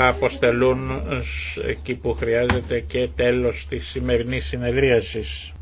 θα αποστελούν εκεί που χρειάζεται και τέλος της σημερινής συνεδρίασης.